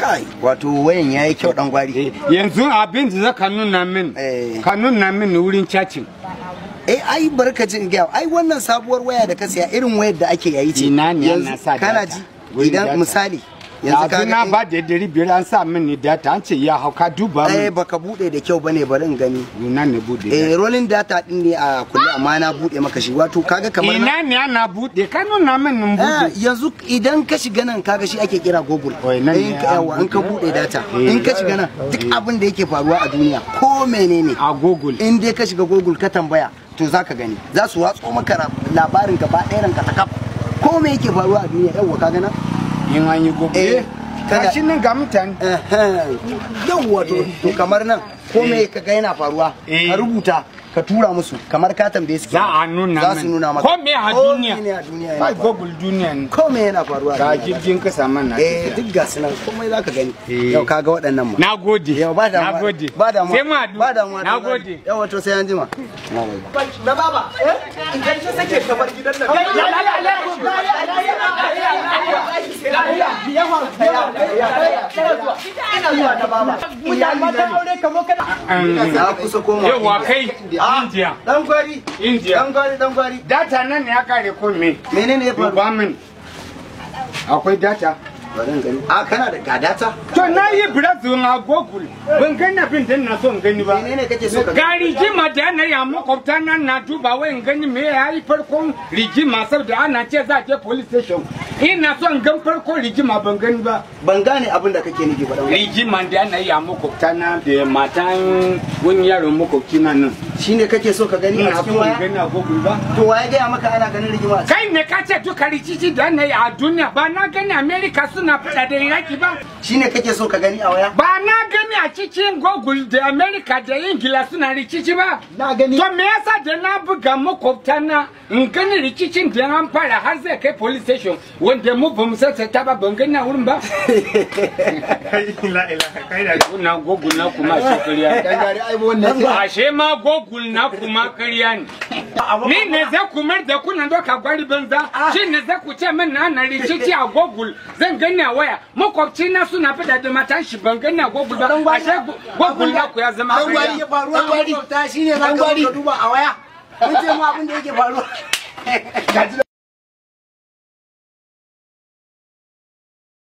kai wato wayan yayi kyau dan gwari eh, yanzu abin da zaka nuna min eh. ka nuna min wurin cacin eh, ai ai barkacin ga ai wannan sabuwar waya da ka siya irin wayar da ake yayi ce ina ne na sa kana ji idan misali yanzu ka na ba da dari biyar an sa min data an ce ya hauka duba min eh baka bude da kyau bane bari in gani ina ne bude eh rolling data din ne a kullu amma na bude maka shi wato kaga kamar ina ne ana bude ka nuna min in eh, bude yanzu idan ka shiga nan kaga shi ake kira google oh, in ka in ka bude data eh. in ka shiga nan duk eh. abin da yake faruwa a duniya ko menene a google in dai ka shiga google ka tambaya to zaka gani za su watso maka labarin gaba ɗayan ka ta kaf ko me yake faruwa a duniya yawwa ka gana. in yi gobe eh, kashin nan ga mutane yawwa to kamar nan ko me ka ga yana faruwa eh. ka rubuta ka tura musu kamar ka tambaye su za a nuna za su nuna maka ko me a duniya ko me a duniya ba google duniya ne ko me yana faruwa ga jirgin kasa man na eh duk ga sunan komai zaka gani eh. yau kaga waɗannan ma nagode yau ba da nagode ba da sai ma ba da ma nagode yau wato sai an jima na baba eh idan ka sake kamar gidan nan ya faru tsaya tsaya tsaya yawa kai india dan gwari india dan data nan ne ya kare ko menene ya faru min akwai data A kana da ga data? To na yi brazil a Google. Ban gani abin da na so gani ba. Menene kake so ka gani? Ga rigima da na ya makwabta na na duba wai in gani me ya yi farkon rigima saboda ana ce za a je police station. ina son gan farko rigima ban gani ba ban gane abin da kake nufi ba rijima da ana yi a makwabta na da matan wani yaron makwabci na nan shine kake so ka gani a cikin waya to waya gaya maka ana ganin rigima kai ne ka ce duka rikici da ne a duniya ba na gani america suna fada da iraki ba shine kake so ka gani a waya ba na gani a cikin google da america da ingila suna rikici ba na gani to me yasa da na buga makwabta na in gani rikicin da an fara har zai kai police station wanda mu ba mu sassa ta ba ban gani a wurin ba kai la ilaha kai da na google na kuma shukriya dan gari ai wannan ashe ma google google na kuma karya ne ni ne zai ku mar da kuna doka gwari banza shi ne zai ku ce min na na rikici a google zan gani a waya makwabci na suna fada da matan shi ban gani a google ba ashe google da ku ya zama karya rangwari ta shine rangwari duba a waya mun ce mu abin da yake faruwa